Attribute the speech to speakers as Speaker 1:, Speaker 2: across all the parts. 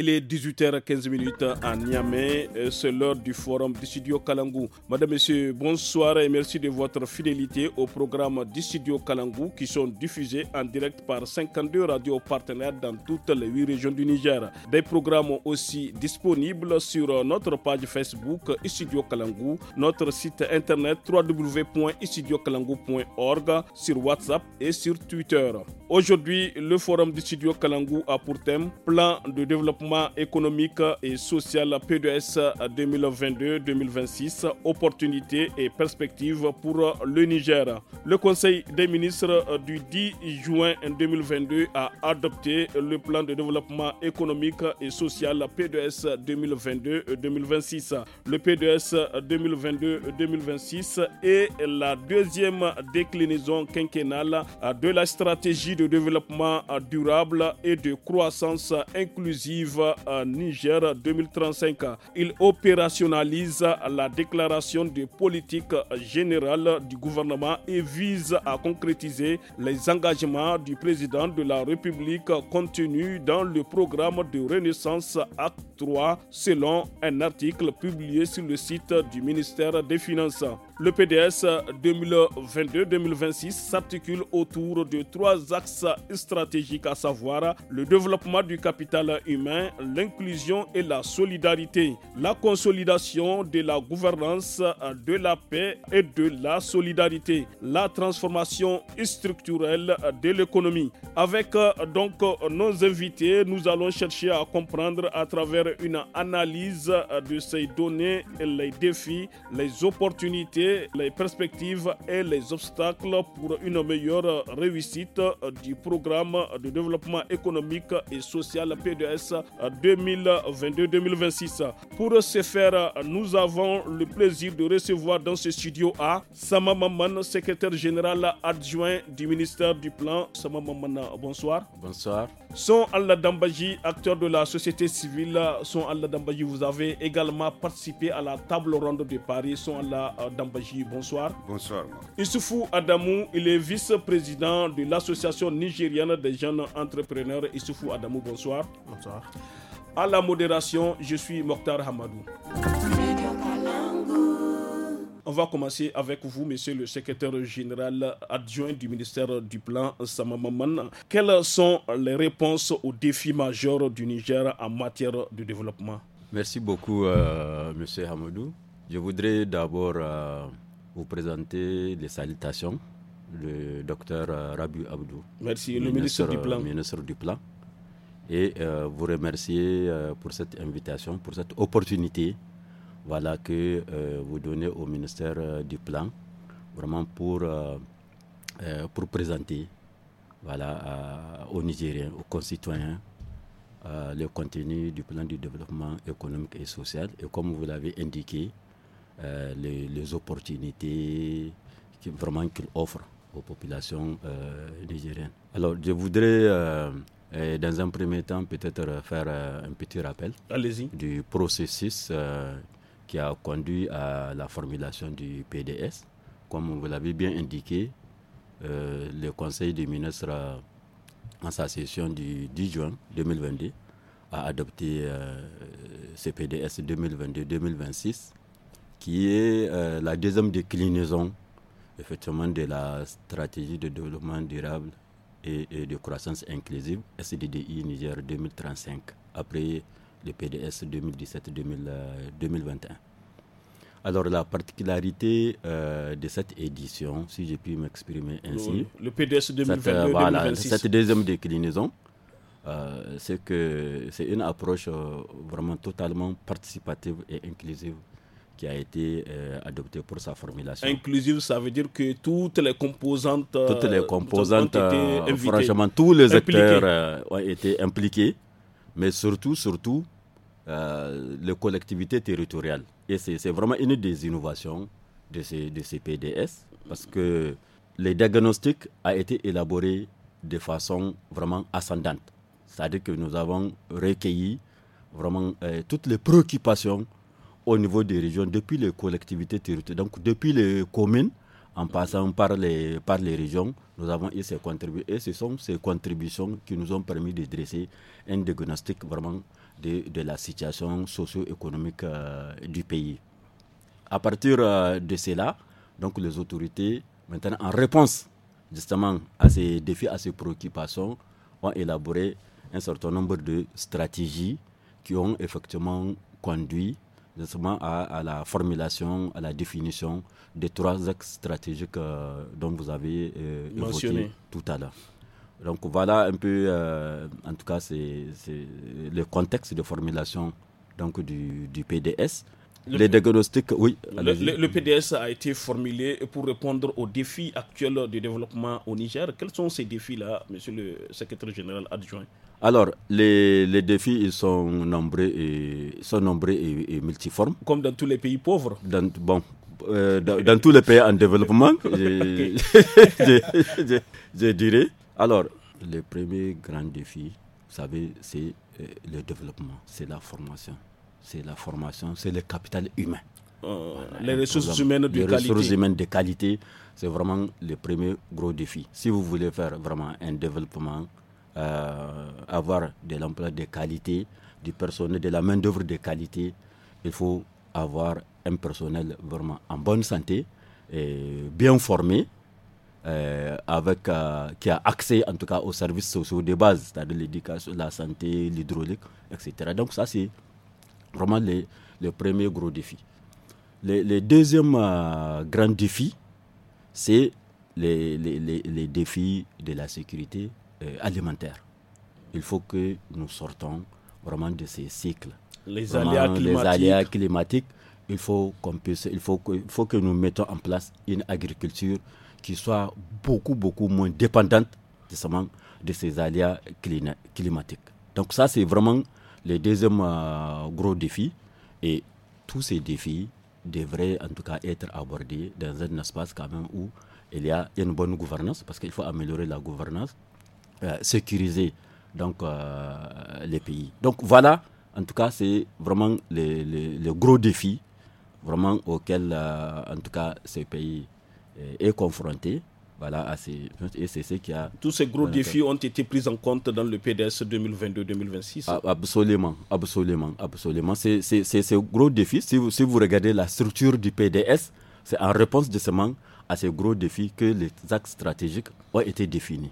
Speaker 1: Il est 18h15 à Niamey. Euh, c'est l'heure du forum du studio Kalangou. Madame, Monsieur, bonsoir et merci de votre fidélité au programme du studio Kalangou qui sont diffusés en direct par 52 radios partenaires dans toutes les 8 régions du Niger. Des programmes aussi disponibles sur notre page Facebook Studio Kalangou, notre site internet www.istudiokalangou.org, sur WhatsApp et sur Twitter. Aujourd'hui, le forum du studio Kalangou a pour thème plan de développement économique et social PDS 2022-2026, opportunités et perspectives pour le Niger. Le Conseil des ministres du 10 juin 2022 a adopté le plan de développement économique et social PDS 2022-2026. Le PDS 2022-2026 est la deuxième déclinaison quinquennale de la stratégie de développement durable et de croissance inclusive Niger 2035. Il opérationnalise la déclaration de politique générale du gouvernement et vise à concrétiser les engagements du président de la République contenus dans le programme de Renaissance Acte 3 selon un article publié sur le site du ministère des Finances. Le PDS 2022-2026 s'articule autour de trois axes stratégiques, à savoir le développement du capital humain, l'inclusion et la solidarité, la consolidation de la gouvernance, de la paix et de la solidarité, la transformation structurelle de l'économie. Avec donc nos invités, nous allons chercher à comprendre à travers une analyse de ces données les défis, les opportunités les perspectives et les obstacles pour une meilleure réussite du programme de développement économique et social PDS 2022-2026. Pour ce faire, nous avons le plaisir de recevoir dans ce studio à Sama Maman, secrétaire général adjoint du ministère du Plan. Sama bonsoir. Bonsoir. Son Allah Dambaji, acteur de la société civile, Son Allah Dambaji, vous avez également participé à la table ronde de Paris. Son Allah euh, Dambaji, bonsoir. Bonsoir. Issoufou Adamou, il est vice-président de l'association nigérienne des jeunes entrepreneurs. Issoufou Adamou, bonsoir. Bonsoir. À la modération, je suis Mokhtar Hamadou. On va commencer avec vous, monsieur le secrétaire général adjoint du ministère du Plan, Samamaman. Quelles sont les réponses aux défis majeurs du Niger en matière de développement
Speaker 2: Merci beaucoup, euh, monsieur Hamadou. Je voudrais d'abord euh, vous présenter les salutations du docteur euh, Rabi Abdou. Merci, le Ministre du Plan. Et vous remercier pour cette invitation, pour cette opportunité voilà, que euh, vous donnez au ministère euh, du Plan, vraiment pour, euh, pour présenter voilà, aux Nigériens, aux concitoyens, le contenu du plan du développement économique et social. Et comme vous l'avez indiqué, les, opportunités qui, vraiment qu'il offre aux populations nigériennes. Alors, je voudrais dans un premier temps, peut-être faire un petit rappel du processus qui a conduit à la formulation du PDS. Comme vous l'avez bien indiqué, euh, le Conseil des ministres, euh, en sa session du 10 juin 2022, a adopté euh, ce PDS 2022-2026, qui est la deuxième déclinaison effectivement de la stratégie de développement durable et, de croissance inclusive SDDI Niger 2035, après le PDS 2017-2021. Alors la particularité euh, de cette édition, si j'ai pu m'exprimer ainsi, le, PDS 2022 euh, voilà, cette deuxième déclinaison, euh, c'est que c'est une approche vraiment totalement participative et inclusive qui a été adoptée pour sa formulation.
Speaker 1: Inclusive, ça veut dire que toutes les composantes. toutes les composantes, ont été franchement, tous les acteurs
Speaker 2: ont été impliqués mais surtout, surtout, euh, les collectivités territoriales. Et c'est vraiment une des innovations de ces, de ces PDS, parce que les diagnostics a été élaboré de façon vraiment ascendante. C'est-à-dire que nous avons recueilli vraiment euh, toutes les préoccupations au niveau des régions, depuis les collectivités territoriales, donc depuis les communes en passant par les, par les régions, nous avons eu ces contributions. Et ce sont ces contributions qui nous ont permis de dresser un diagnostic vraiment de, la situation socio-économique euh, du pays. À partir euh, de cela, donc les autorités, maintenant en réponse justement à ces défis, à ces préoccupations, ont élaboré un certain nombre de stratégies qui ont effectivement conduit justement à, la formulation, à la définition des trois axes stratégiques euh, dont vous avez euh, évoqué tout à l'heure. Donc voilà un peu, euh, en tout cas, c'est le contexte de formulation donc, du PDS. Le, les diagnostics, oui. Le,
Speaker 1: PDS a été formulé pour répondre aux défis actuels du développement au Niger. Quels sont ces défis-là, monsieur le secrétaire général adjoint
Speaker 2: Alors, les, défis, ils sont nombreux, et, sont nombreux et, multiformes. Comme dans tous les pays pauvres dans, Bon. Euh, dans, tous les pays en développement, je dirais. Alors, le premier grand défi, vous savez, c'est euh, le développement, c'est la formation c'est la formation, c'est le capital humain. Euh, les ressources humaines de les ressources humaines de qualité, c'est vraiment le premier gros défi. Si vous voulez faire vraiment un développement, euh, avoir de l'emploi de qualité, du personnel, de la main-d'œuvre de qualité, il faut avoir un personnel vraiment en bonne santé, bien formé, euh, avec, qui a accès en tout cas aux services sociaux de base, c'est-à-dire l'éducation, la santé, l'hydraulique, etc. Donc ça, c'est vraiment le les premiers gros défi. Les, les euh, grand défi, c'est les, les, défis de la sécurité euh, alimentaire. Il faut que nous sortons vraiment de ces cycles. Les, aléas, climatiques. Il faut, qu'on puisse, il, faut que, faut que nous mettons en place une agriculture qui soit beaucoup, beaucoup moins dépendante justement de ces aléas climatiques. Donc ça, c'est vraiment le deuxième euh, gros défi, et tous ces défis devraient en tout cas être abordés dans un espace quand même où il y a une bonne gouvernance, parce qu'il faut améliorer la gouvernance, euh, sécuriser donc, euh, les pays. Donc voilà, en tout cas, c'est vraiment le, gros défi vraiment auquel en tout cas ce pays est confronté voilà, à ces, qui a... Tous ces gros défis ont été
Speaker 1: pris en compte dans le PDS
Speaker 2: 2022-2026 ah, Absolument, absolument, absolument. C'est ces gros défis. Si vous, si vous regardez la structure du PDS, c'est en réponse de ce manque à ces gros défis que les axes stratégiques ont été définis.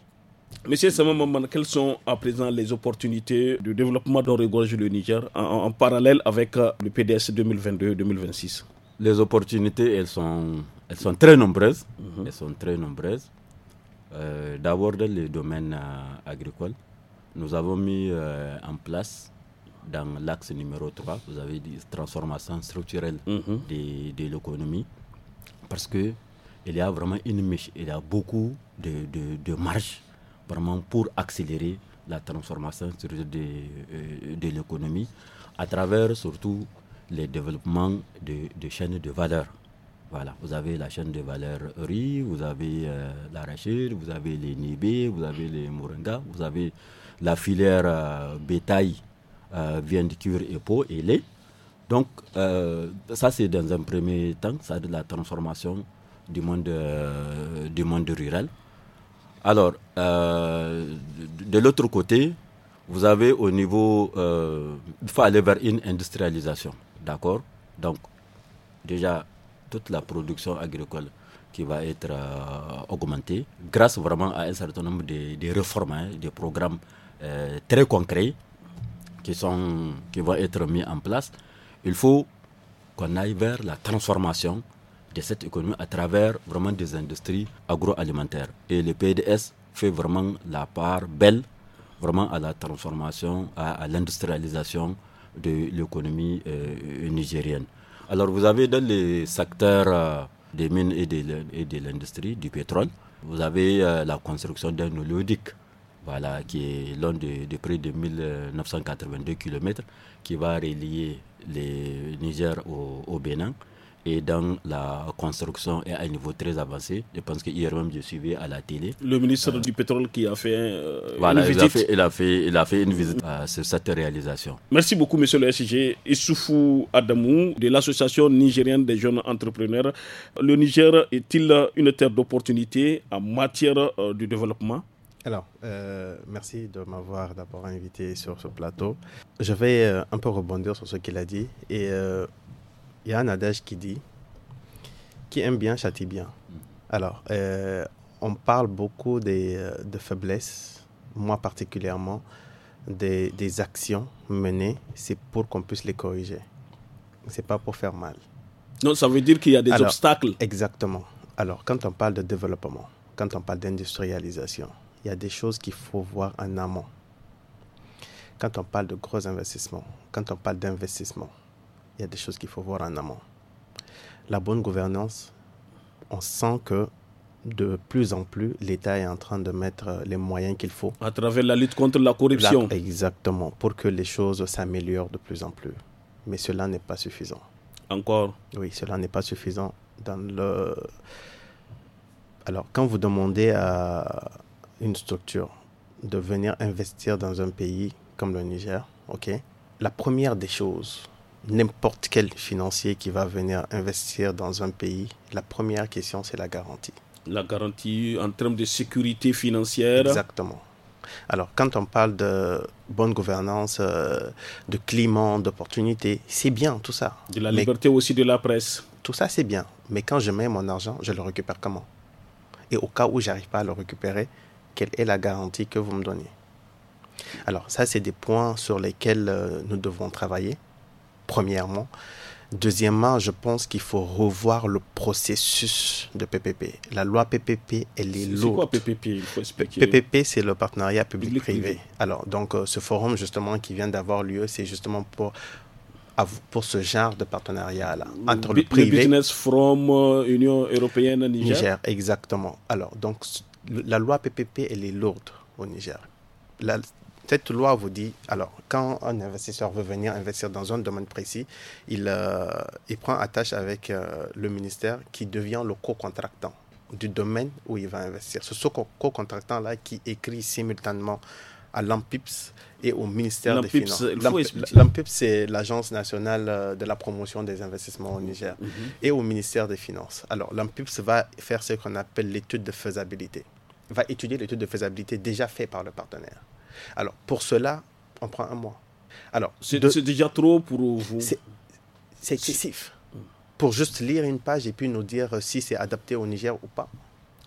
Speaker 1: Monsieur Maman, quelles sont à présent les opportunités de développement dont le Niger en parallèle avec euh, le PDS 2022-2026
Speaker 2: les opportunités, elles sont, elles sont très nombreuses. Mhm. Elles sont très nombreuses. Euh, d'abord dans le domaine euh, agricole, nous avons mis euh, en place dans l'axe numéro 3, vous avez dit transformation structurelle mhm. de, l'économie, parce que il y a vraiment une miche, il y a beaucoup de, de, marge vraiment pour accélérer la transformation structurelle de l'économie à travers surtout les développements de, chaînes de valeur. Voilà, vous avez la chaîne de valeur riz, vous avez euh, la l'arachide, vous avez les nibés, vous avez les moringa, vous avez la filière euh, bétail, euh, viande cuir et peau et lait. Donc, euh, ça c'est dans un premier temps, ça de la transformation du monde, du monde rural. Alors, de l'autre côté, vous avez au niveau, il faut aller vers une industrialisation. D'accord Donc, déjà, toute la production agricole qui va être euh, augmentée grâce vraiment à un certain nombre de, réformes, hein, des programmes euh, très concrets qui, vont être mis en place. Il faut qu'on aille vers la transformation de cette économie à travers vraiment des industries agroalimentaires. Et le PDS fait vraiment la part belle vraiment à la transformation, à l'industrialisation de l'économie euh, nigérienne. Alors vous avez dans les secteurs euh, des mines et de, l'industrie du pétrole, vous avez euh, la construction d'un oléoduc, voilà, qui est long de, près de 1982 km, qui va relier le Niger au Bénin et dans la construction est à un niveau très avancé. Je pense que hier même, je suivais à la télé.
Speaker 1: Le ministre euh, du Pétrole qui a fait euh, une visite. A il, a fait, une visite à cette réalisation. Merci beaucoup, monsieur le SG. Issoufou Adamou, de l'Association nigérienne des jeunes entrepreneurs. Le Niger est-il une terre d'opportunité en matière
Speaker 3: euh, de développement alors, merci de m'avoir d'abord invité sur ce plateau. Je vais un peu rebondir sur ce qu'il a dit et y a un adage qui dit Qui aime bien châtie bien. Alors, euh, on parle beaucoup euh, de faiblesses, moi particulièrement, des, actions menées, c'est pour qu'on puisse les corriger. C'est pas pour faire mal.
Speaker 1: Non, ça veut dire qu'il y a des obstacles.
Speaker 3: Exactement. Alors, quand on parle de développement, quand on parle d'industrialisation, il y a des choses qu'il faut voir en amont. Quand on parle de gros investissements, quand on parle d'investissement, il y a des choses qu'il faut voir en amont. La bonne gouvernance, on sent que de plus en plus, l'État est en train de mettre euh, les moyens qu'il faut.
Speaker 1: À travers la lutte contre la corruption.
Speaker 3: exactement, pour que les choses s'améliorent de plus en plus. Mais cela n'est pas suffisant. Encore Oui, cela n'est pas suffisant dans le... Alors, quand vous demandez à une structure de venir investir dans un pays comme le Niger, ok, la première des choses n'importe quel financier qui va venir investir dans un pays, la première question, c'est la garantie.
Speaker 1: La garantie en termes de sécurité financière
Speaker 3: Exactement. Alors, quand on parle de bonne gouvernance, euh, de climat, d'opportunité, c'est bien tout ça. De la liberté aussi de la presse. Tout ça, c'est bien. Mais quand je mets mon argent, je le récupère comment Et au cas où j'arrive pas à le récupérer, quelle est la garantie que vous me donnez Alors, ça, c'est des points sur lesquels euh, nous devons travailler premièrement. Deuxièmement, je pense qu'il faut revoir le processus de PPP. La loi PPP, elle est, lourde. C'est quoi PPP PPP, c'est le partenariat public-privé. Alors, donc, euh, ce forum, justement, qui vient d'avoir lieu, c'est justement pour pour ce genre de partenariat-là entre le, Business from euh, Union européenne Niger. Niger, exactement. Alors, donc, la loi PPP, elle est lourde au Niger. La, cette loi vous dit, alors, quand un investisseur veut venir investir dans un domaine précis, il, euh, il prend attache avec euh, le ministère qui devient le co-contractant du domaine où il va investir. Ce co-contractant-là qui écrit simultanément à l'AMPIPS et au ministère des Finances. L'AMPIPS, c'est l'Agence nationale euh, de la promotion des investissements au Niger mhm. et au ministère des Finances. Alors, l'AMPIPS va faire ce qu'on appelle l'étude de faisabilité va étudier l'étude de faisabilité déjà faite par le partenaire. Alors, pour cela, on prend un mois. Alors, c'est déjà trop pour vous. C'est excessif. Pour juste lire une page et puis nous dire si c'est adapté au Niger ou pas.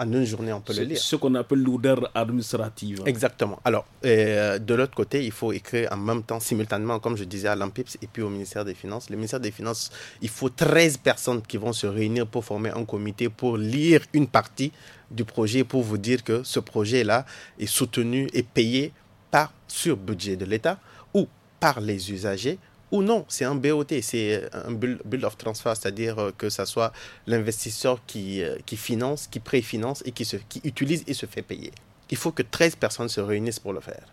Speaker 3: En une journée, on peut le lire. C'est Ce qu'on appelle l'odeur administrative. Exactement. Alors, euh, de l'autre côté, il faut écrire en même temps, simultanément, comme je disais à l'AMPIPS et puis au ministère des Finances. Le ministère des Finances, il faut 13 personnes qui vont se réunir pour former un comité pour lire une partie du projet, pour vous dire que ce projet-là est soutenu et payé par sur budget de l'État ou par les usagers ou non, c'est un BOT, c'est euh, un Build of transfer, c'est-à-dire euh, que ce soit l'investisseur qui, euh, qui finance, qui préfinance et qui, se, qui utilise et se fait payer. Il faut que 13 personnes se réunissent pour le faire.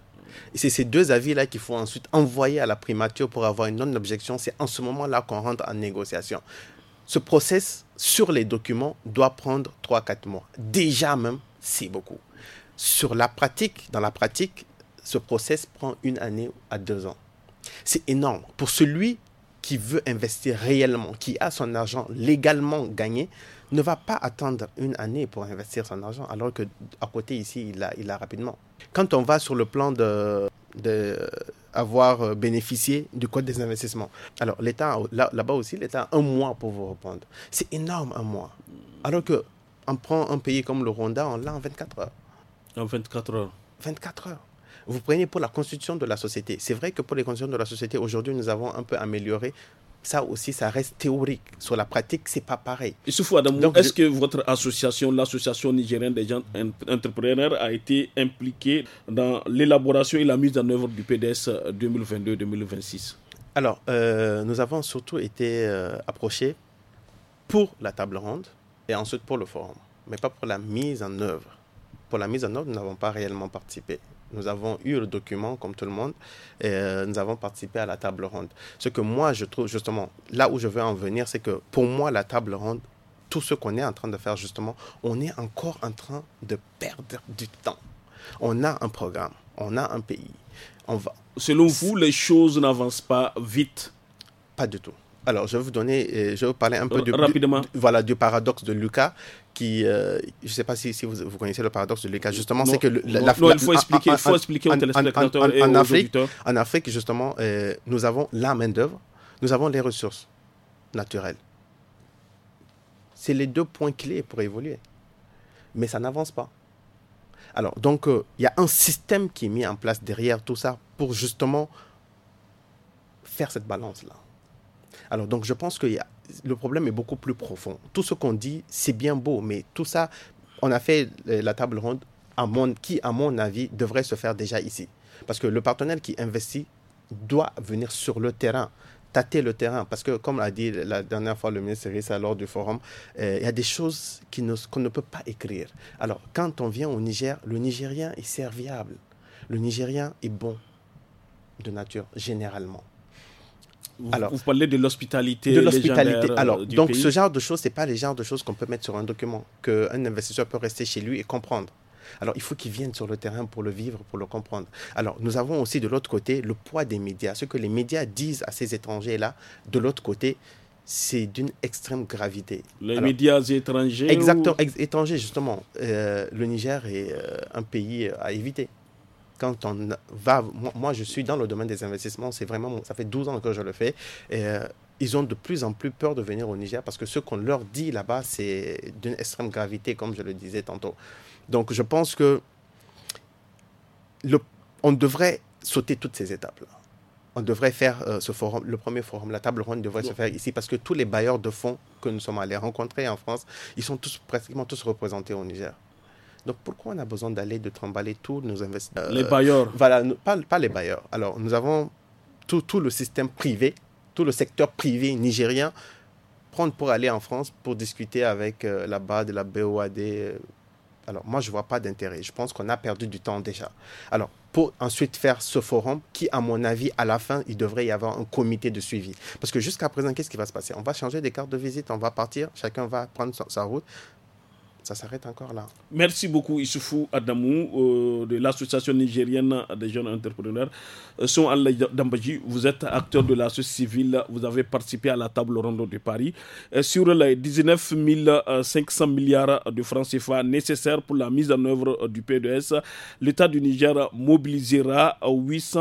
Speaker 3: Et c'est ces deux avis-là qu'il faut ensuite envoyer à la primature pour avoir une non-objection. C'est en ce moment-là qu'on rentre en négociation. Ce process sur les documents doit prendre 3-4 mois. Déjà même, c'est beaucoup. Sur la pratique, dans la pratique, ce process prend une année à deux ans. C'est énorme. Pour celui qui veut investir réellement, qui a son argent légalement gagné, ne va pas attendre une année pour investir son argent, alors que à côté ici, il a, il a rapidement. Quand on va sur le plan de, de avoir euh, bénéficié du code des investissements, alors l'État là, bas aussi, l'État a un mois pour vous répondre. C'est énorme un mois, alors que on prend un pays comme le Rwanda, on l'a en 24 heures. En 24 heures. 24 heures. Vous prenez pour la constitution de la société. C'est vrai que pour les constitutions de la société, aujourd'hui, nous avons un peu amélioré ça aussi, ça reste théorique. Sur la pratique, c'est pas pareil.
Speaker 1: est-ce que votre association, l'association nigérienne des gens entrepreneurs, a été impliquée dans l'élaboration et la mise en œuvre du PDS
Speaker 3: 2022-2026 Alors, euh, nous avons surtout été euh, approchés pour la table ronde et ensuite pour le forum, mais pas pour la mise en œuvre. Pour la mise en œuvre, nous n'avons pas réellement participé. Nous avons eu le document, comme tout le monde, et euh, nous avons participé à la table ronde. Ce que moi, je trouve justement, là où je veux en venir, c'est que pour moi, la table ronde, tout ce qu'on est en train de faire justement, on est encore en train de perdre du temps. On a un programme, on a un pays. On va... Selon vous, les choses n'avancent pas vite Pas du tout. Alors, je vais vous donner, euh, je vais parler un peu du, voilà, du paradoxe de Lucas, qui, euh, je ne sais pas si, vous, connaissez le paradoxe de Lucas. Justement, c'est que la, il faut expliquer, en, Afrique, En Afrique, justement, euh, nous avons la main d'œuvre, nous avons les ressources naturelles. C'est les deux points clés pour évoluer, mais ça n'avance pas. Alors, donc, il y a un système qui est mis en place derrière tout ça pour justement faire cette balance là. Alors donc je pense que le problème est beaucoup plus profond. Tout ce qu'on dit, c'est bien beau, mais tout ça, on a fait euh, la table ronde à qui, à mon avis, devrait se faire déjà ici. Parce que le partenaire qui investit doit venir sur le terrain tâter le terrain. Parce que, comme l'a dit la dernière fois le ministre Rissa lors du forum, euh, il y a des choses qu'on ne peut pas écrire. Alors, quand on vient au Niger, le Nigérien est serviable. Le Nigérien est bon de nature, généralement. Vous, alors, vous
Speaker 1: parlez de l'hospitalité. De l'hospitalité. Euh, alors, donc ce
Speaker 3: genre de choses, ce n'est pas les genres de choses qu'on peut mettre sur un document, qu'un investisseur peut rester chez lui et comprendre. Alors, il faut qu'il vienne sur le terrain pour le vivre, pour le comprendre. Alors, nous avons aussi de l'autre côté le poids des médias. Ce que les médias disent à ces étrangers-là, de l'autre côté, c'est d'une extrême gravité. Les médias
Speaker 1: étrangers Exactement,
Speaker 3: étrangers, justement. Euh, le Niger est euh, un pays à éviter quand on va, moi, je suis dans le domaine des investissements, c'est vraiment, ça fait 12 ans que je le fais, et euh, ils ont de plus en plus peur de venir au Niger parce que ce qu'on leur dit là-bas, c'est d'une extrême gravité, comme je le disais tantôt. Donc je pense que on devrait sauter toutes ces étapes-là. On devrait faire euh, ce forum, le premier forum, la table ronde devrait se faire ici parce que tous les bailleurs de fonds que nous sommes allés rencontrer en France, ils sont tous pratiquement tous représentés au Niger. Donc pourquoi on a besoin d'aller de trimballer tous nos investisseurs Les euh, bailleurs. Voilà, pas, pas, les bailleurs. Alors nous avons tout, le système privé, tout le secteur privé nigérien prendre pour aller en France pour discuter avec euh, la là-bas de la BOAD. Euh, alors moi je vois pas d'intérêt. Je pense qu'on a perdu du temps déjà. Alors pour ensuite faire ce forum qui, à mon avis, à la fin, il devrait y avoir un comité de suivi. Parce que jusqu'à présent, qu'est-ce qui va se passer On va changer des cartes de visite, on va partir, chacun va prendre sa route ça s'arrête encore là.
Speaker 1: Merci beaucoup Issoufou Adamou euh, de l'association nigérienne des jeunes entrepreneurs. Euh, son Allah Dambaji, vous êtes acteur de la société civile, vous avez participé à la table ronde de Paris. Euh, sur les 19 500 milliards de francs CFA nécessaires pour la mise en œuvre du PDS, e l'État du Niger mobilisera 8,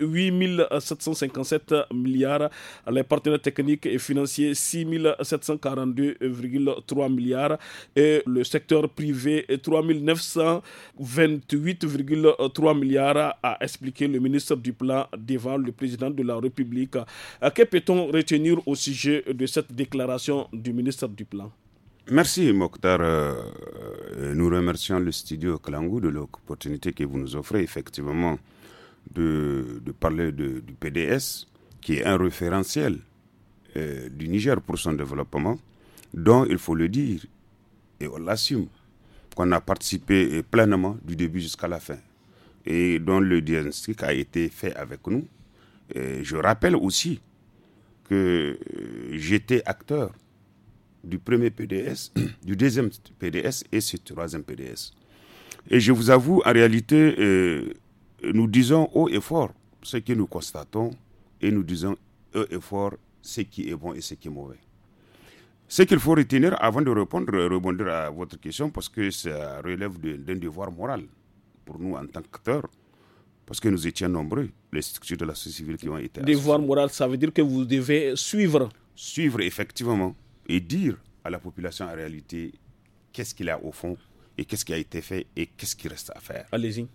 Speaker 1: 8 757 milliards, les partenaires techniques et financiers 6 742,3 milliards et le secteur privé 3 928,3 milliards, a expliqué le ministre du Plan devant le président de la République. Euh, que peut-on retenir au sujet de cette déclaration du ministre du Plan
Speaker 4: Merci Mokhtar. Euh, euh, nous remercions le studio Klangou de l'opportunité que vous nous offrez effectivement de, parler du PDS, qui est un référentiel du Niger pour son développement, dont il faut le dire, et on l'assume, qu'on a participé euh, pleinement du début jusqu'à la fin et dont le diagnostic a été fait avec nous. je rappelle aussi que euh, j'étais acteur du premier PDS, du deuxième PDS et du troisième PDS. Et je vous avoue, en réalité, euh, nous disons haut et fort ce que nous constatons et nous disons haut et fort ce qui est bon et ce qui est mauvais. Ce qu'il faut retenir avant de répondre, rebondir à votre question, parce que ça relève d'un devoir moral pour nous en tant qu'acteurs, parce que nous étions nombreux, les structures de la société civile qui ont été. Devoir moral, ça veut dire que vous devez suivre. Suivre, effectivement, et dire à la population en réalité qu'est-ce qu'il y a au fond et qu'est-ce qui a été fait et qu'est-ce qui reste à faire. Allez-y.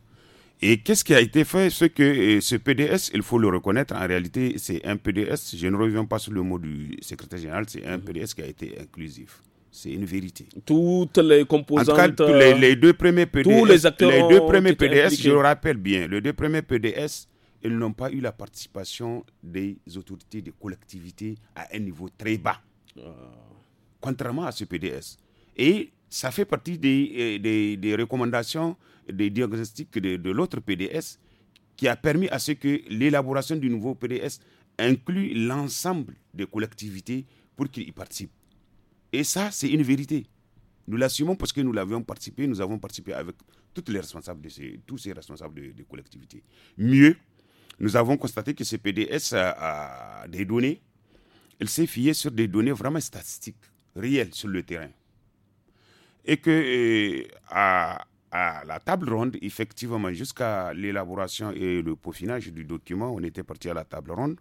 Speaker 4: Et qu'est-ce qui a été fait euh, Ce que ce PDS, il faut le reconnaître, en réalité, c'est un PDS, je ne reviens pas sur le mot du secrétaire général, c'est un mhm. PDS qui a été inclusif. C'est une vérité.
Speaker 1: Toutes les composantes. les, deux premiers PDS. Tous les acteurs. Les deux premiers PDS, je le
Speaker 4: rappelle bien, les deux premiers PDS, ils n'ont pas eu la participation des autorités, des collectivités à un niveau très bas. Ah. Contrairement à ce PDS. Et ça fait partie euh, des, recommandations, des diagnostics de, l'autre PDS qui a permis à ce que l'élaboration du nouveau PDS inclut l'ensemble des collectivités pour qu'ils y participent. Et ça, c'est une vérité. Nous l'assumons parce que nous l'avions participé, nous avons participé avec toutes les responsables de ces, tous ces responsables de, collectivités. Mieux, nous avons constaté que ce PDS a, des données. Elle s'est fiée sur des données vraiment statistiques, réelles sur le terrain et que euh, à, la table ronde, effectivement, jusqu'à l'élaboration et le peaufinage du document, on était parti à la table ronde.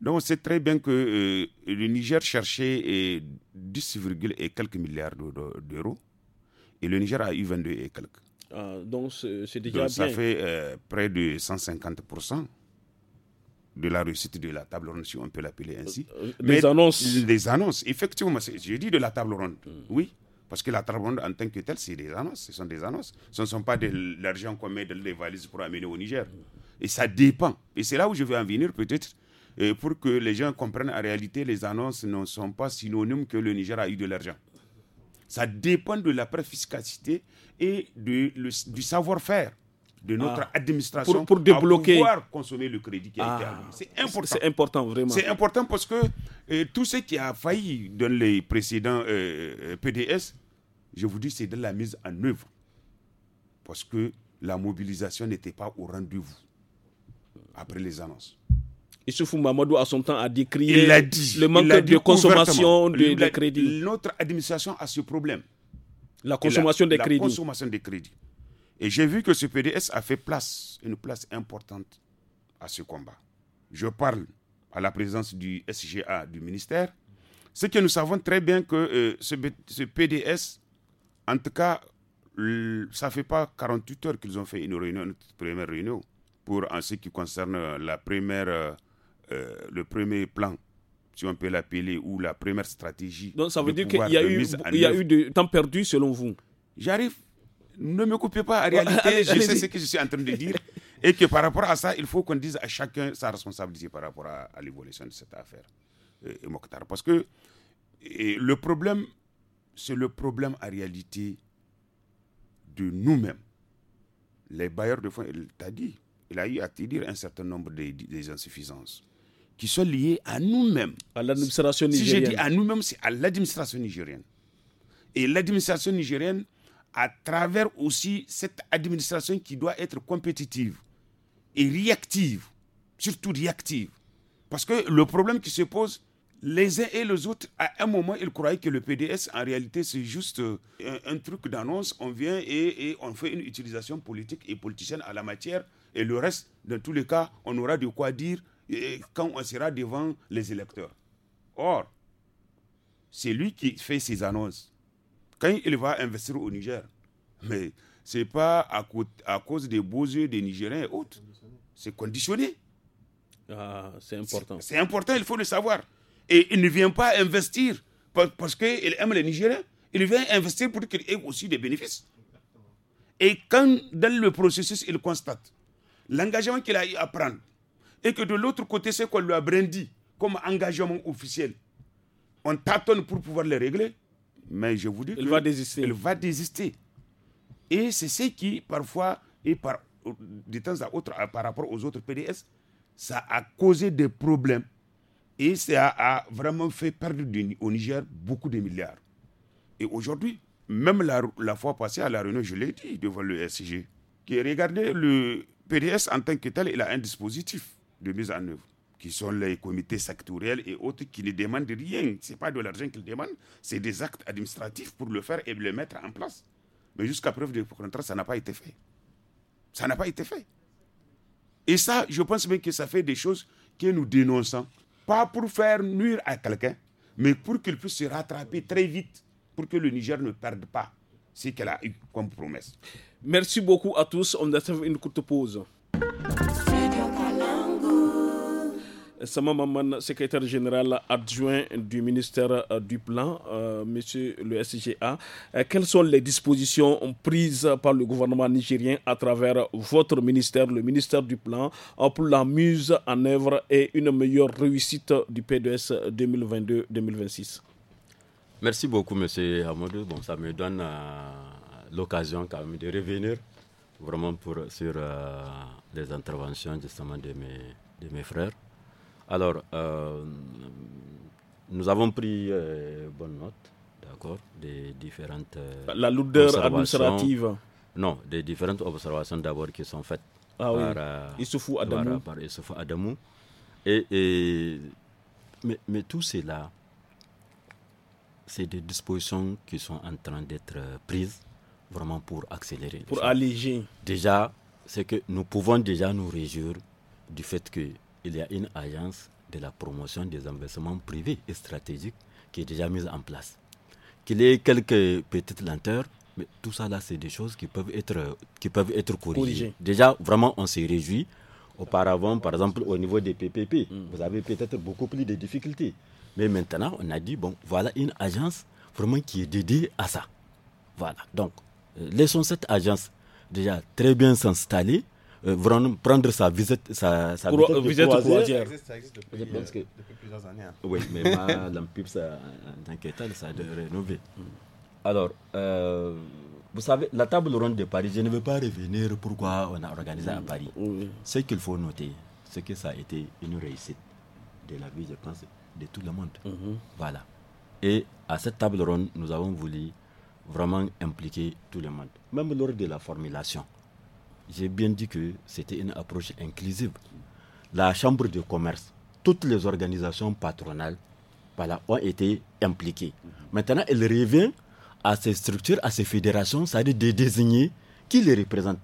Speaker 4: Donc, on sait très bien que euh, le Niger cherchait 10, euh, et quelques milliards d'euros et le Niger a eu 22 et quelques.
Speaker 1: Ah, donc, c'est déjà donc, Ça
Speaker 4: fait près de 150% de la réussite de la table ronde, si on peut l'appeler ainsi. des annonces. Des annonces, effectivement. j'ai dit de la table ronde, hmm. oui. Parce que la trabande en tant que telle, c'est des annonces, ce sont des annonces. Ce ne sont pas de l'argent qu'on met dans les valises pour amener au Niger. Et ça dépend. Et c'est là où je veux en venir peut-être. Euh, pour que les gens comprennent, en réalité, les annonces ne sont pas synonymes que le Niger a eu de l'argent. Ça dépend de la préfiscalité et de, du savoir-faire de notre ah. administration pour, débloquer. pouvoir consommer le crédit qui a été ah. C'est important. C'est important, vraiment. C'est important parce que euh, tout ce qui a failli dans les précédents euh, euh, PDS, je vous dis, c'est de la mise en œuvre. Parce que la mobilisation n'était pas au rendez-vous après les annonces.
Speaker 1: Issoufou Mamadou, à son temps, a
Speaker 4: décrit le manque de consommation de, crédit. Notre administration a ce problème. La consommation des La consommation des crédits. Et j'ai vu que ce PDS a fait place, une place importante à ce combat. Je parle à la présence du SGA du ministère. Ce que nous savons très bien que euh, ce, PDS, en tout cas, ça ne fait pas 48 heures qu'ils ont fait une réunion, une première réunion, pour en ce qui concerne la première, euh, euh, le premier plan si on peut l'appeler, ou la première stratégie. Donc ça veut dire qu'il y a eu, y a eu du temps perdu selon vous J'arrive, ne me coupez pas. En réalité, ah, je sais ce que je suis en train de dire. Et que par rapport à ça, il faut qu'on dise à chacun sa responsabilité par rapport à, l'évolution de cette affaire, euh, Parce que le problème, c'est le problème en réalité de nous-mêmes. Les bailleurs de fonds, il t'a dit, il a eu à te dire un certain nombre des, insuffisances qui sont liées à nous-mêmes. À l'administration nigérienne. Si je dis à nous-mêmes, c'est à l'administration nigérienne. Et l'administration nigérienne, à travers aussi cette administration qui doit être compétitive et réactive, surtout réactive. Parce que le problème qui se pose, les uns et les autres, à un moment, ils croyaient que le PDS, en réalité, c'est juste euh, un, truc d'annonce. On vient et, et, on fait une utilisation politique et politicienne à la matière. Et le reste, dans tous les cas, on aura de quoi dire quand on sera devant les électeurs. Or, c'est lui qui fait ces annonces quand il va investir au Niger, mais ce n'est pas à, cause des beaux yeux des Nigériens et autres. C'est conditionné. Ah, c'est important. C'est important, il faut le savoir. Et il ne vient pas investir parce qu'il aime les Nigériens. Il vient investir pour qu'il ait aussi des bénéfices. Et quand dans le processus, il constate l'engagement qu'il a eu à prendre et que de l'autre côté, c'est qu'on lui a brandi comme engagement officiel, on tâtonne pour pouvoir le régler, mais je vous dis qu'elle va désister. Il va désister. Et c'est ce qui, parfois, et par, de temps à autre, par rapport aux autres PDS, ça a causé des problèmes. Et ça a vraiment fait perdre au Niger beaucoup de milliards. Et aujourd'hui, même la, fois passée à la réunion, je l'ai dit devant le SG, que regardez le PDS en tant que tel, il a un dispositif de mise en œuvre qui sont les comités sectoriels et autres, qui ne demandent rien. Ce n'est pas de l'argent qu'ils demandent, c'est des actes administratifs pour le faire et le mettre en place. Mais jusqu'à preuve de contrat, ça n'a pas été fait. Ça n'a pas été fait. Et ça, je pense bien que ça fait des choses que nous dénonçons. Pas pour faire nuire à quelqu'un, mais pour qu'il puisse se rattraper très vite, pour que le Niger ne perde pas ce qu'elle a eu comme promesse. Merci beaucoup à tous. On a faire une courte pause.
Speaker 1: Sama Maman, secrétaire général adjoint du ministère euh, du Plan, euh, monsieur le SGA, euh, quelles sont les dispositions prises par le gouvernement nigérien à travers votre ministère, le ministère du Plan, pour la mise en œuvre et une meilleure réussite du PDS 2022-2026
Speaker 2: Merci beaucoup, monsieur Amadou. Bon, ça me donne l'occasion de revenir vraiment pour, sur les interventions justement de mes frères. Alors, euh, nous avons pris euh, bonne note, d'accord, des différentes. Euh, La lourdeur administrative Non, des différentes observations d'abord qui sont faites ah par, Issoufou Adamou. Et, mais, mais tout cela, c'est des dispositions qui sont en train d'être prises vraiment pour accélérer. Pour alléger. Déjà, c'est que nous pouvons déjà nous réjouir du fait que il y a une agence de la promotion des investissements privés et stratégiques qui est déjà mise en place. Qu'il y ait quelques petites lenteurs, mais tout ça là, c'est des choses qui peuvent être, qui peuvent être corrigées. Déjà, vraiment, on s'est réjouit. Auparavant, par exemple, au niveau des PPP, hmm. vous avez peut-être beaucoup plus de difficultés. Mais maintenant, on a dit, bon, voilà une agence vraiment qui est dédiée à ça. Voilà. Donc, euh, laissons cette agence déjà très bien s'installer euh, prendre sa visite, sa, visite, Ça existe, depuis, euh, plusieurs années. Hein. Oui, mais ma lampe, euh, ça, t'inquiète, ça de rénover. Mm. Alors, vous savez, la table ronde de Paris, je ne veux pas revenir pourquoi on a organisé à mm. Paris. Ce qu'il faut noter, c'est que ça a été une réussite de la vie, je pense, de tout le monde. Mm-hmm. Voilà. Et à cette table ronde, nous avons voulu vraiment impliquer tout le monde, même lors de la formulation j'ai bien dit que c'était une approche inclusive. La Chambre de commerce, toutes les organisations patronales voilà, ont été impliquées. Maintenant, elle revient à ces structures, à ces fédérations, c'est-à-dire de désigner qui les représente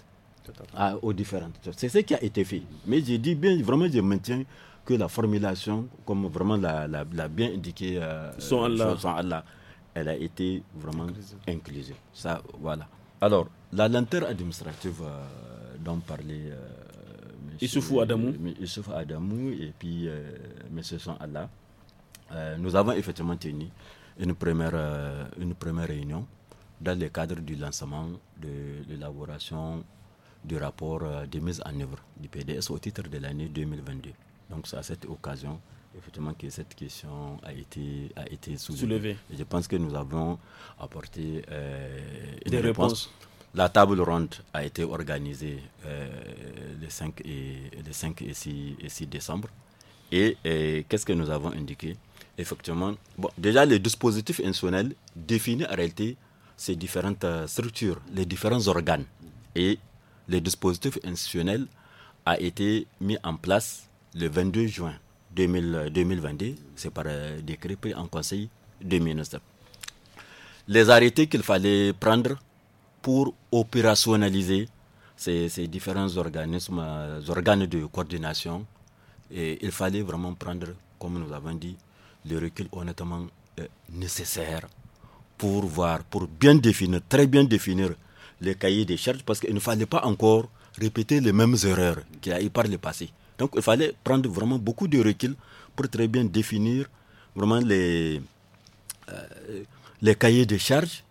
Speaker 2: aux différentes. C'est ce qui a été fait. Mais j'ai dit bien, vraiment, je maintiens que la formulation, comme vraiment l'a, bien indiqué, euh, son Allah. Allah, elle a été vraiment inclusive. Ça, voilà. Alors, la lenteur administrative euh, dont parlait euh, Issouf Adamou. et puis euh, M. Euh, nous avons effectivement tenu une première, une réunion dans le cadre du lancement de l'élaboration du rapport de mise en œuvre du PDS au titre de l'année 2022. Donc, à cette occasion, effectivement que cette question a été, a été soulevée. je pense que nous avons apporté euh, des réponses. La table ronde a été organisée euh, le, 5 et, le 5 et 6, décembre. Et, qu'est-ce que nous avons indiqué Effectivement, déjà le dispositif institutionnel définit en réalité ces différentes euh, structures, les différents organes. Et le dispositif institutionnel a été mis en place le 22 juin 2022, euh, c'est par euh, décret pris en conseil des ministre. Les arrêtés qu'il fallait prendre pour opérationnaliser ces, différents organismes, euh, organes de coordination, il fallait vraiment prendre, comme nous avons dit, le recul honnêtement nécessaire pour voir, pour bien définir, très bien définir les cahiers des charges, parce qu'il ne fallait pas encore répéter les mêmes erreurs qu'il y a eu par le passé. Donc il fallait prendre vraiment beaucoup de recul pour très bien définir vraiment les, euh, les cahiers de charges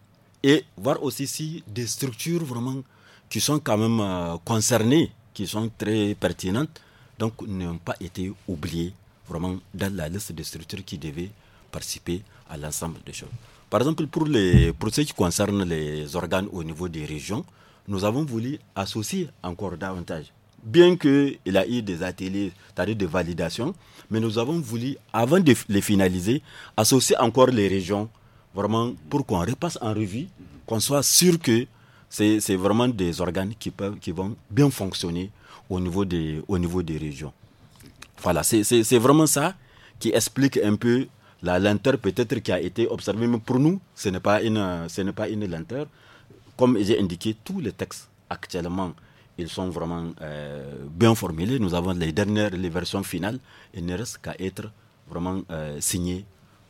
Speaker 2: et voir aussi si des structures vraiment qui sont quand même euh, concernées, qui sont très pertinentes, donc n'ont pas été oubliées vraiment dans la liste des structures qui devaient participer à l'ensemble des choses. Par exemple, pour, les, pour qui concernent les organes au niveau des régions, nous avons voulu associer encore davantage bien qu'il a eu des ateliers, c'est-à-dire de validation, mais nous avons voulu, avant de les finaliser, associer encore les régions, vraiment pour qu'on repasse en revue, qu'on soit sûr que c'est vraiment des organes qui, peuvent, qui vont bien fonctionner au niveau des, au niveau des régions. Voilà, c'est vraiment ça qui explique un peu la lenteur peut-être qui a été observée, mais pour nous, ce n'est pas une, ce n'est pas une lenteur. Comme j'ai indiqué, tous les textes actuellement ils sont vraiment euh, bien formulés. Nous avons les dernières, les versions finales. Il ne reste qu'à être vraiment euh, signé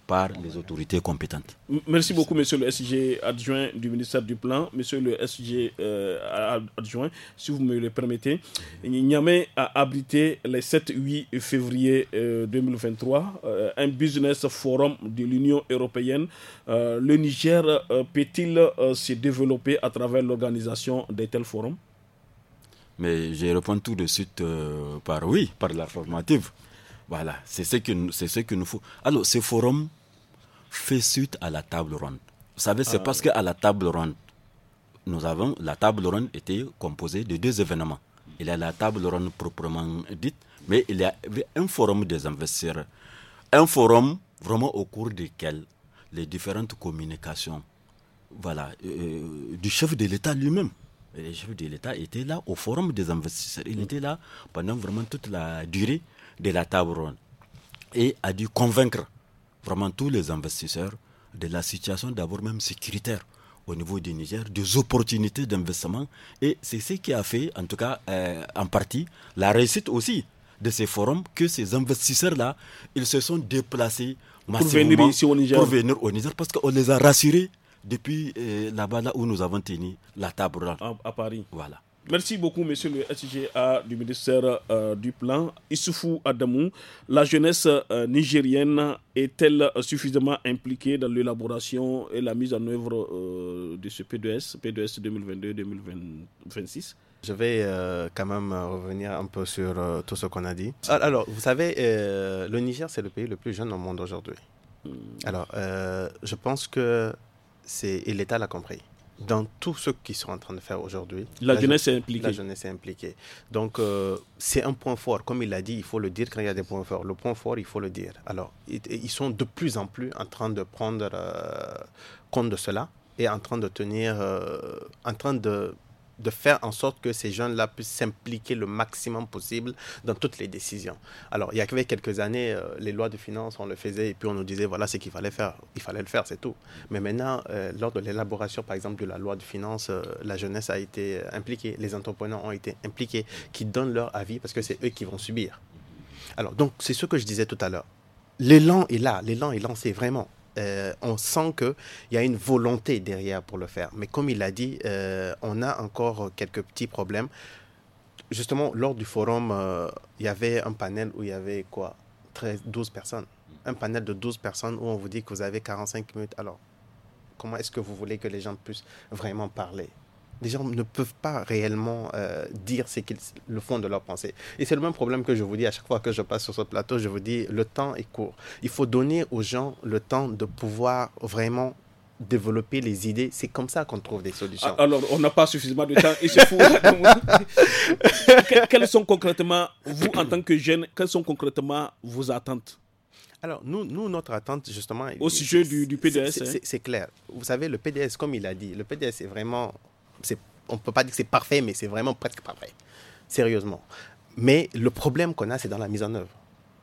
Speaker 2: par les autorités compétentes.
Speaker 1: Merci beaucoup, monsieur le SG adjoint du ministère du Plan, monsieur le SG euh, adjoint, si vous me le permettez. Niamey a abrité le 7-8 février 2023 un business forum de l'Union européenne. le Niger peut-il se développer à travers l'organisation de tels
Speaker 2: forums mais je réponds tout de suite euh, par oui, par la formative. Voilà, c'est ce que ce nous faut. Alors, ce forum fait suite à la table ronde. Vous savez, c'est ah, parce que qu'à la table ronde, nous avons la table ronde était composée de deux événements. Il y a la table ronde proprement dite, mais il y avait un forum des investisseurs, un forum vraiment au cours desquels les différentes communications, voilà, euh, euh, du chef de l'État lui-même le chefs de l'État était là au forum des investisseurs. Il était là pendant vraiment toute la durée de la table ronde et a dû convaincre vraiment tous les investisseurs de la situation d'abord même sécuritaire au niveau du Niger, des opportunités d'investissement. Et c'est ce qui a fait, en tout cas euh, en partie, la réussite aussi de ces forums, que ces investisseurs-là, ils se sont déplacés massivement Niger. Pour venir au Niger parce qu'on les a rassurés depuis eh, là-bas là où nous avons tenu la table ronde. À, Paris. Voilà.
Speaker 1: Merci beaucoup, monsieur le SGA du ministère euh, du Plan. Issoufou Adamou, la jeunesse euh, nigérienne est-elle suffisamment impliquée dans l'élaboration et la mise en œuvre euh, de ce P2S, P2S
Speaker 3: 2022-2026 je vais quand même revenir un peu sur tout ce qu'on a dit. Ah, alors, vous savez, le Niger, c'est le pays le plus jeune au monde aujourd'hui. Hmm. Alors, je pense que et l'État l'a compris. Dans tout ce qu'ils sont en train de faire aujourd'hui, la, jeunesse est impliquée. Donc, euh, c'est un point fort. Comme il l'a dit, il faut le dire quand il y a des points forts. Le point fort, il faut le dire. Alors, ils sont de plus en plus en train de prendre euh, compte de cela et en train de tenir, euh, en train de de faire en sorte que ces jeunes-là puissent s'impliquer le maximum possible dans toutes les décisions. Alors, il y avait quelques années, euh, les lois de finances, on le faisait et puis on nous disait, voilà ce qu'il fallait faire. Il fallait le faire, c'est tout. Mais maintenant, euh, lors de l'élaboration, par exemple, de la loi de finances, euh, la jeunesse a été impliquée, les entrepreneurs ont été impliqués, qui donnent leur avis parce que c'est eux qui vont subir. Alors, donc, c'est ce que je disais tout à l'heure. L'élan est là, l'élan est lancé vraiment. Euh, on sent qu'il y a une volonté derrière pour le faire. Mais comme il l'a dit, euh, on a encore quelques petits problèmes. Justement, lors du forum, il euh, y avait un panel où il y avait quoi 13, 12 personnes. Un panel de 12 personnes où on vous dit que vous avez 45 minutes. Alors, comment est-ce que vous voulez que les gens puissent vraiment parler les gens ne peuvent pas réellement euh, dire ce qu'ils le font de leur pensée. Et c'est le même problème que je vous dis à chaque fois que je passe sur ce plateau, je vous dis, le temps est court. Il faut donner aux gens le temps de pouvoir vraiment développer les idées. C'est comme ça qu'on trouve des solutions. Ah, alors, on n'a pas
Speaker 1: suffisamment de temps. Il se fout. quelles sont concrètement, vous, en tant que jeune, quelles sont concrètement vos attentes alors, nous, nous, notre attente, justement... Au sujet
Speaker 3: du, PDS. Hein. C'est clair. Vous savez, le PDS, comme il a dit, le PDS est vraiment on ne peut pas dire que c'est parfait, mais c'est vraiment presque parfait. Sérieusement. Mais le problème qu'on a, c'est dans la mise en œuvre.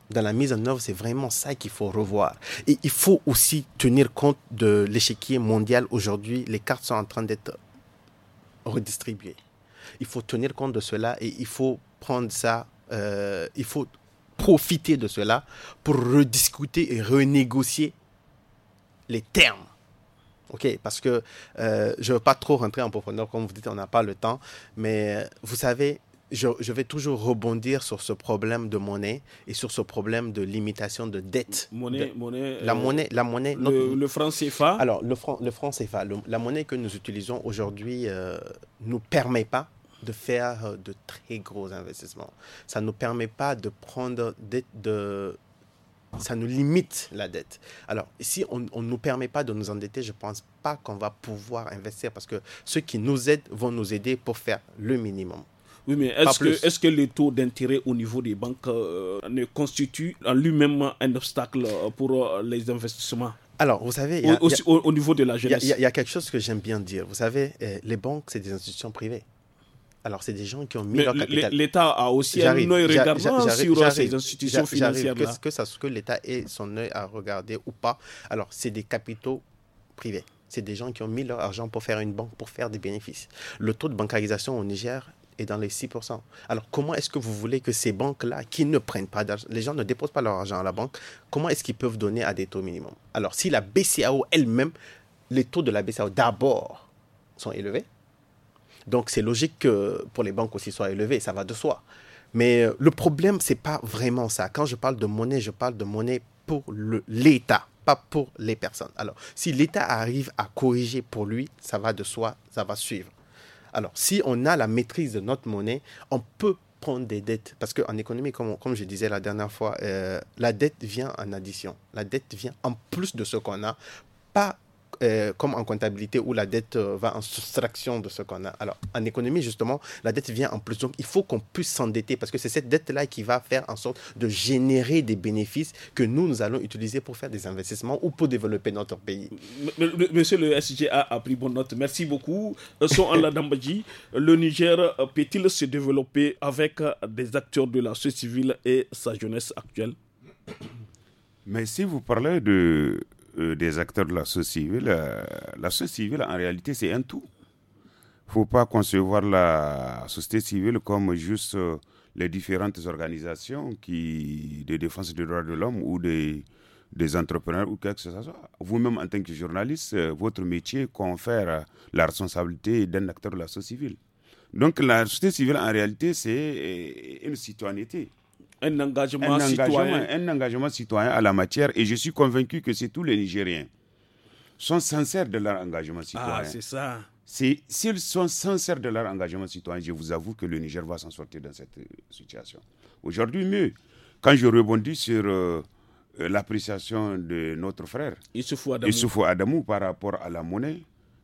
Speaker 3: Dans la mise en œuvre, c'est vraiment ça qu'il faut revoir. Et il faut aussi tenir compte de l'échiquier mondial aujourd'hui. Les cartes sont en train d'être redistribuées. Il faut tenir compte de cela et il faut prendre ça, euh, il faut profiter de cela pour rediscuter et renégocier les termes OK, parce que euh, je ne veux pas trop rentrer en profondeur, comme vous dites, on n'a pas le temps. Mais vous savez, je, vais toujours rebondir sur ce problème de monnaie et sur ce problème de limitation de dette. Monnaie, monnaie, euh, la monnaie, la monnaie. Le, franc CFA. Alors le franc, le franc CFA, la monnaie que nous utilisons aujourd'hui ne euh, nous permet pas de faire de très gros investissements. Ça ne nous permet pas de prendre de ça nous limite la dette. Alors, si on ne nous permet pas de nous endetter, je ne pense pas qu'on va pouvoir investir parce que ceux qui nous aident vont nous aider pour faire le minimum.
Speaker 1: Oui, mais est-ce que, est que les taux d'intérêt au niveau des banques euh, ne constitue en lui-même un obstacle euh, pour euh, les investissements
Speaker 3: alors, vous savez, au, niveau de la jeunesse. Il y, a quelque chose que j'aime bien dire. Vous savez, eh, les banques, c'est des institutions privées. Alors, c'est des gens qui ont mis leur capital. L'État a aussi un œil regardant sur euh, ces institutions financières. Que, que, que l'État ait son œil à regarder ou pas. Alors, c'est des capitaux privés. C'est des gens qui ont mis leur argent pour faire une banque, pour faire des bénéfices. Le taux de bancarisation au Niger est dans les 6%. Alors, comment est-ce que vous voulez que ces banques-là, qui ne prennent pas d'argent, les gens ne déposent pas leur argent à la banque, comment est-ce qu'ils peuvent donner à des taux minimums Alors, si la BCAO elle-même, les taux de la BCAO d'abord sont élevés, donc c'est logique que pour les banques aussi soit élevé, ça va de soi. Mais euh, le problème, c'est pas vraiment ça. Quand je parle de monnaie, je parle de monnaie pour l'État, pas pour les personnes. Alors, si l'État arrive à corriger pour lui, ça va de soi, ça va suivre. Alors, si on a la maîtrise de notre monnaie, on peut prendre des dettes. Parce qu'en économie, comme, comme, je disais la dernière fois, euh, la dette vient en addition. La dette vient en plus de ce qu'on a, pas euh, comme en comptabilité où la dette euh, va en soustraction de ce qu'on a. Alors, en économie, justement, la dette vient en plus. Donc, il faut qu'on puisse s'endetter parce que c'est cette dette-là qui va faire en sorte de générer des bénéfices que nous, nous allons utiliser pour faire des investissements ou pour développer notre pays.
Speaker 1: Monsieur le SGA a pris bonne note. Merci beaucoup. Son le Niger euh, peut-il se développer avec des acteurs de la société civile et sa jeunesse actuelle
Speaker 4: Mais si vous parlez de euh, des acteurs de la société civile, euh, la société civile, en réalité, c'est un tout. Il ne faut pas concevoir la société civile comme juste euh, les différentes organisations qui, de défense des droits de l'homme ou des, des entrepreneurs ou quelque chose que ce soit. Vous-même, en tant que journaliste, votre métier confère la responsabilité d'un acteur de la société civile. Donc la société civile, en réalité, c'est une citoyenneté un engagement, citoyen. un engagement citoyen à la matière et je suis convaincu que c'est tous les Nigériens sont sincères de leur engagement ah, citoyen. Ah, c'est ça. S'ils sont sincères de leur engagement citoyen, je vous avoue que le Niger va s'en sortir dans cette euh, situation. Aujourd'hui, mieux, quand je rebondis sur euh, euh, l'appréciation de notre frère,
Speaker 2: Issoufou
Speaker 4: Adamou. par rapport à la monnaie,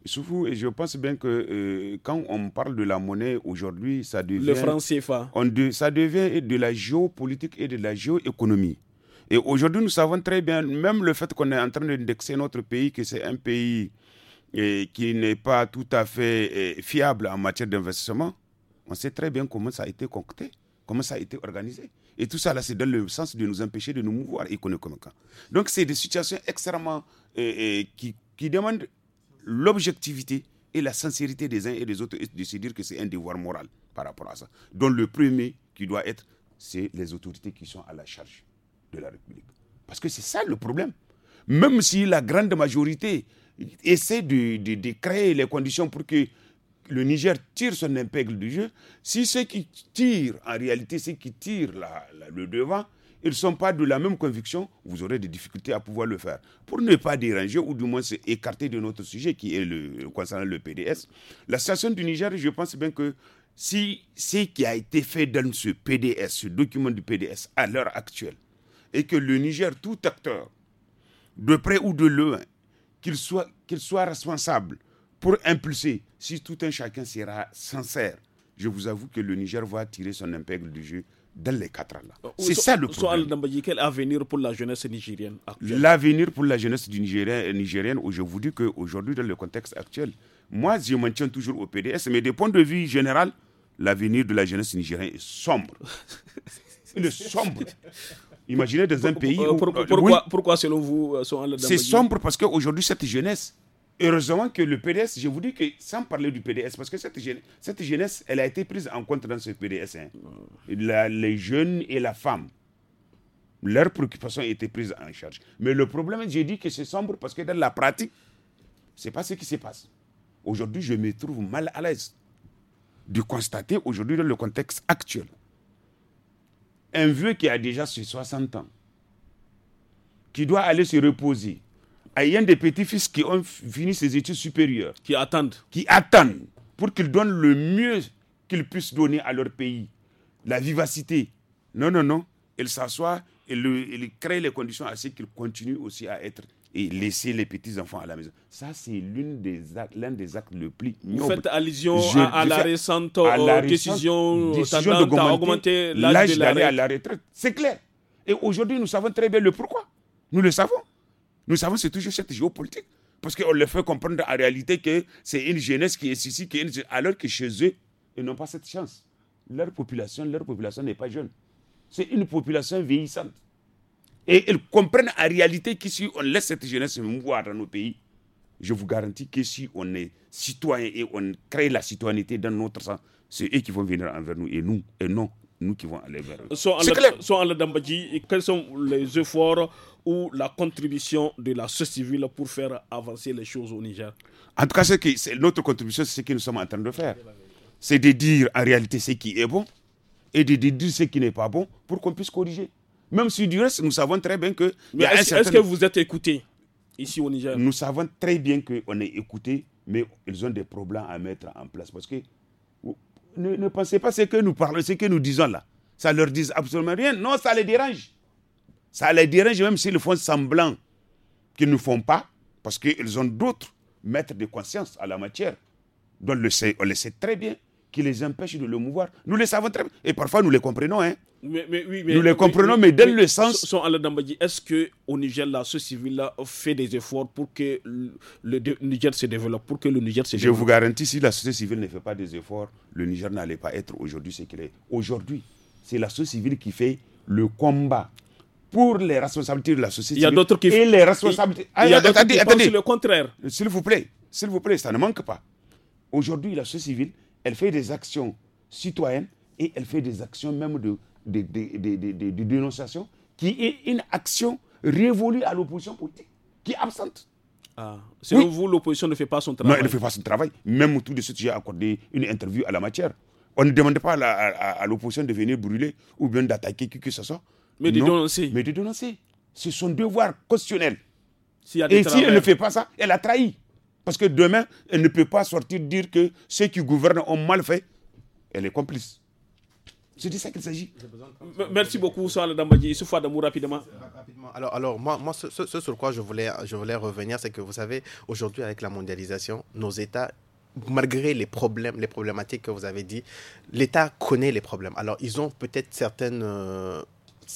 Speaker 4: Soufou, je pense bien que euh, quand on parle de la monnaie aujourd'hui, ça devient. Le de, ça devient de la géopolitique et de la géoéconomie. Et aujourd'hui, nous savons très bien, même le fait qu'on est en train d'indexer notre pays, que c'est un pays euh, qui n'est pas tout à fait euh, fiable en matière d'investissement, on sait très bien comment ça a été concocté, comment ça a été organisé. Et tout ça, là, c'est dans le sens de nous empêcher de nous mouvoir économiquement. Donc, c'est des situations extrêmement. qui, qui demandent l'objectivité et la sincérité des uns et des autres et de se dire que c'est un devoir moral par rapport à ça. Donc le premier qui doit être, c'est les autorités qui sont à la charge de la République. Parce que c'est ça le problème. Même si la grande majorité essaie de, de, créer les conditions pour que le Niger tire son impègle du jeu, si ceux qui tirent, en réalité, ceux qui tirent le devant, ils ne sont pas de la même conviction, vous aurez des difficultés à pouvoir le faire. Pour ne pas déranger ou du moins s'écarter de notre sujet qui est le, concernant le PDS, la situation du Niger, je pense bien que si ce qui a été fait dans ce PDS, ce document du PDS à l'heure actuelle, et que le Niger, tout acteur, de près ou de loin, qu'il soit, qu'il soit responsable pour impulser, si tout un chacun sera sincère, je vous avoue que le Niger va tirer son impègre du jeu dans les quatre ans-là. Euh, C'est ça le problème.
Speaker 1: quel avenir pour la jeunesse nigérienne
Speaker 4: L'avenir pour la jeunesse du Nigérien, nigérienne, je vous dis qu'aujourd'hui, dans le contexte actuel, moi, je maintiens toujours au PDS, mais des point de vue général, l'avenir de la jeunesse nigérienne est sombre. Il est sombre. Imaginez dans un pays. Euh, euh, pourquoi, pourquoi, selon
Speaker 1: vous, C'est sombre
Speaker 4: parce qu'aujourd'hui, cette jeunesse, Heureusement que le PDS, je vous dis que sans parler du PDS, parce que cette, jeunesse, elle a été prise en compte dans ce PDS. Hein. les jeunes et la femme, leurs préoccupations étaient prises en charge. Mais le problème, j'ai dit que c'est sombre parce que dans la pratique, ce n'est pas ce qui se passe. Aujourd'hui, je me trouve mal à l'aise de constater aujourd'hui dans le contexte actuel. Un vieux qui a déjà ses 60 ans, qui doit aller se reposer, a des petits-fils qui ont fini ses études supérieures. Qui attendent. Qui attendent pour qu'ils donnent le mieux qu'ils puissent donner à leur pays. La vivacité. Non, non, non. Ils s'assoient et, le, créent les conditions à ce qu'ils continuent aussi à être et laisser les petits-enfants à la maison. Ça, c'est l'un des actes, les des actes le plus Nous Vous faites allusion à, la récente, à, la récente décision d'augmenter l'âge d'aller à la retraite. C'est clair. Et aujourd'hui, nous savons très bien le pourquoi. Nous le savons. Nous savons c'est toujours cette géopolitique. Parce qu'on leur fait comprendre en réalité que c'est une jeunesse qui est ici, qui est alors que chez eux, ils n'ont pas cette chance. Leur population, leur population n'est pas jeune. C'est une population vieillissante. Et ils comprennent en réalité que si on laisse cette jeunesse se mouvoir dans nos pays, je vous garantis que si on est citoyen et on crée la citoyenneté dans notre sang, c'est eux qui vont venir envers nous et nous, et non nous qui vont aller vers eux. Sont
Speaker 1: la, quels sont les efforts ou la contribution de la société civile pour faire avancer
Speaker 4: les choses au Niger En tout cas, c'est notre contribution, c'est ce que nous sommes en train de faire. C'est de dire en réalité ce qui est bon et de, dire ce qui n'est pas bon pour qu'on puisse corriger. Même si du reste, nous savons très bien que. Mais est-ce que vous êtes écouté ici au Niger Nous savons très bien qu'on est écouté, mais ils ont des problèmes à mettre en place parce que ne, pensez pas ce que nous parlons, ce que nous disons là. Ça leur dit absolument rien. Non, ça les dérange. Ça les dérange même s'ils font semblant qu'ils ne font pas, parce qu'ils ont d'autres maîtres de conscience à la matière, dont on le sait, sait très bien, qui les empêchent de le mouvoir. Nous le savons très bien. Et parfois, nous les comprenons. Hein.
Speaker 1: Nous les comprenons, mais, dans le sens. est-ce qu'au Niger, la société civile fait des efforts pour que le
Speaker 4: Niger se développe, pour que le Niger Je vous garantis, si la société civile ne fait pas des efforts, le Niger n'allait pas être aujourd'hui ce qu'il est. Aujourd'hui, c'est la société civile qui fait le combat pour les responsabilités de la société. Il y a d'autres qui et les responsabilités. Il y a ah, le contraire. S'il vous plaît, s'il vous plaît, ça ne manque pas. Aujourd'hui, la société civile, elle fait des actions citoyennes et elle fait des actions même de des dénonciations qui est une action révolue à l'opposition politique, qui est absente. Ah,
Speaker 1: selon vous, l'opposition ne fait pas son travail Non, elle ne fait pas son
Speaker 4: travail. Même tout de suite, j'ai accordé une interview à la matière. On ne demandait pas à, l'opposition de venir brûler ou bien d'attaquer qui que ce soit. Mais de dénoncer. Mais dénoncer. C'est son devoir constitutionnel. Et si elle ne fait pas ça, elle a trahi. Parce que demain, elle ne peut pas sortir dire que ceux qui gouvernent ont mal fait. Elle est complice.
Speaker 3: C'est de ça qu'il s'agit. Merci beaucoup, Soal Dambadji. Issoufa Damou, rapidement. rapidement. Alors, alors moi, moi ce, sur quoi je voulais, je voulais revenir, c'est que vous savez, aujourd'hui, avec la mondialisation, nos États malgré les problèmes, les problématiques que vous avez dit, l'État connaît les problèmes. Alors, ils ont peut-être certaines... Euh,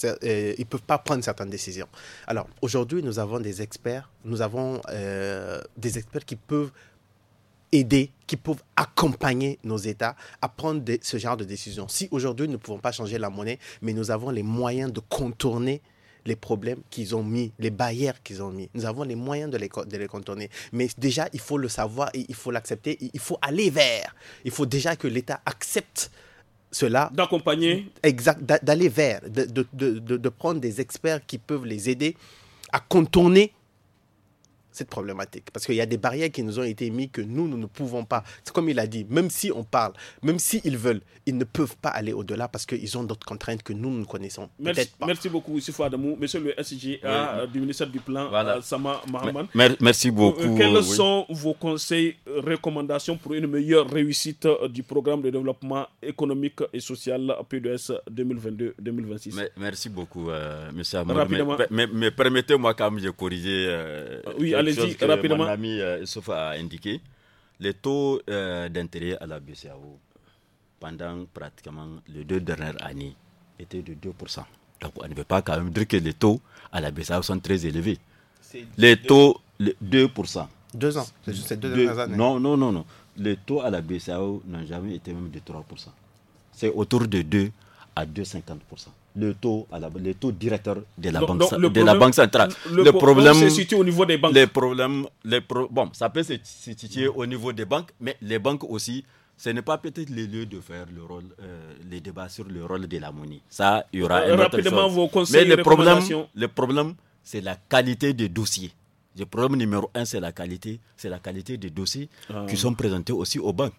Speaker 3: euh, ils ne peuvent pas prendre certaines décisions. Alors, aujourd'hui, nous avons des experts, nous avons euh, des experts qui peuvent aider, qui peuvent accompagner nos États à prendre ce genre de décision. Si aujourd'hui nous ne pouvons pas changer la monnaie, mais nous avons les moyens de contourner les problèmes qu'ils ont mis, les barrières qu'ils ont mis. Nous avons les moyens de les, de les contourner. Mais déjà, il faut le savoir, et il faut l'accepter, il faut aller vers. Il faut déjà que l'État accepte cela. D'accompagner. Exact, d'aller vers, de, de, de, prendre des experts qui peuvent les aider à contourner cette problématique. Parce qu'il y a des barrières qui nous ont été mises que nous, nous ne pouvons pas. C'est comme il a dit, même si on parle, même s'ils ils veulent, ils ne peuvent pas aller au-delà parce qu'ils ont d'autres contraintes que nous, nous ne connaissons peut-être
Speaker 1: pas. Merci beaucoup, M. Fouadamou. Monsieur le SGA euh, du ministère du Plan, voilà. Euh, Sama Mahaman. merci euh, beaucoup. Quels sont vos conseils, recommandations pour une meilleure réussite du programme de développement économique et social PDS 2022-2026
Speaker 2: Merci beaucoup, Monsieur M. Amour. Rapidement. Mais, permettez-moi quand même de corriger allez rapidement. Mon ami euh, a indiqué les taux euh, d'intérêt à la BCAO pendant pratiquement les deux dernières années étaient de 2%. Donc on ne peut pas quand même dire que les taux à la BCAO sont très élevés. Les taux, 2%. Deux ans, c'est deux, dernières années. Non, non, non, non. Les taux à la BCAO n'ont jamais été même de 3%. C'est autour de 2 à 2,50% le taux, le taux directeur de la, banque, de la banque centrale. Le, problème au niveau des bon, ça peut se situer mm. au niveau des banques, mais les banques aussi, ce n'est pas peut-être le lieu de faire le rôle, euh, les débats sur le rôle de la monnaie. Ça, il y aura euh, un mais le problème, c'est la qualité des dossiers. Le problème numéro un, c'est la qualité, c'est la qualité des dossiers ah. qui sont présentés aussi aux banques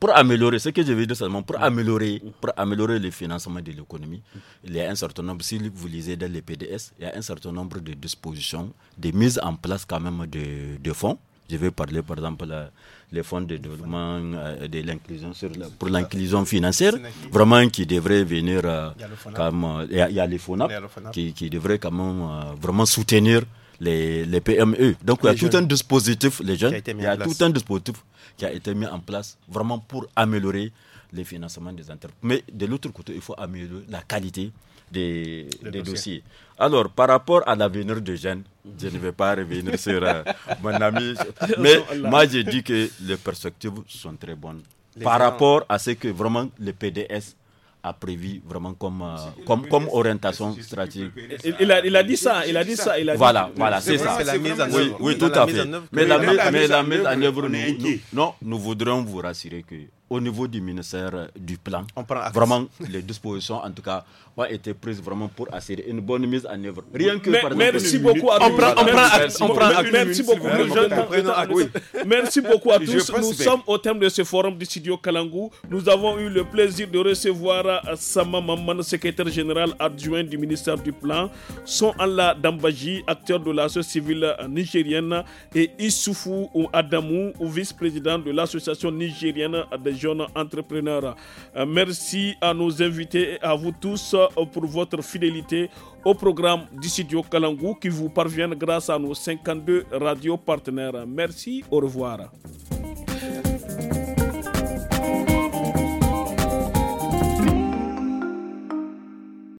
Speaker 2: pour améliorer, ce que je dire seulement, pour améliorer, pour améliorer le financement de l'économie, il y a un certain nombre, si vous lisez dans les PDS, il y a un certain nombre de dispositions, de mise en place quand même de, fonds. Je vais parler par exemple les fonds de développement euh, de l'inclusion pour l'inclusion financière, vraiment qui devrait venir, euh, il y a les euh, FONAP, qui, qui devrait euh, vraiment soutenir les, PME. Donc il y a tout un dispositif, les jeunes, il y a tout un dispositif qui a été mis en place vraiment pour améliorer les financements des entreprises. Mais de l'autre côté, il faut améliorer la qualité des, dossiers. Alors, par rapport à l'avenir des jeunes, je ne vais pas revenir sur euh, mon ami, mais moi j'ai dit que les perspectives sont très bonnes. par rapport à ce que vraiment le PDS a prévu vraiment comme, euh, comme, comme orientation stratégique.
Speaker 1: Il, a, il a dit ça, il a dit ça. Il a dit voilà, ça. voilà, c'est ça. La mise en oui, tout à fait. Mais la, mise en œuvre, nous,
Speaker 2: non, nous voudrions vous rassurer que au niveau du ministère euh, du plan, On vraiment les dispositions, en tout cas, ont été prises vraiment pour assurer une bonne mise en œuvre. Rien que par merci beaucoup à on merci, beaucoup. Merci beaucoup à tous. Nous sommes
Speaker 1: au thème de ce forum du studio Kalangou. Nous avons eu le plaisir de recevoir euh, Sama Maman, secrétaire général adjoint du ministère du plan, Son Allah Dambaji, acteur de l'association civile euh, nigérienne, et Issoufou Adamou, vice-président de l'association nigérienne des jeunes entrepreneurs. Euh, merci à nos invités et à vous tous euh, pour votre fidélité au programme du studio Kalangou qui vous parvient grâce à nos 52 radios partenaires. Merci, au revoir.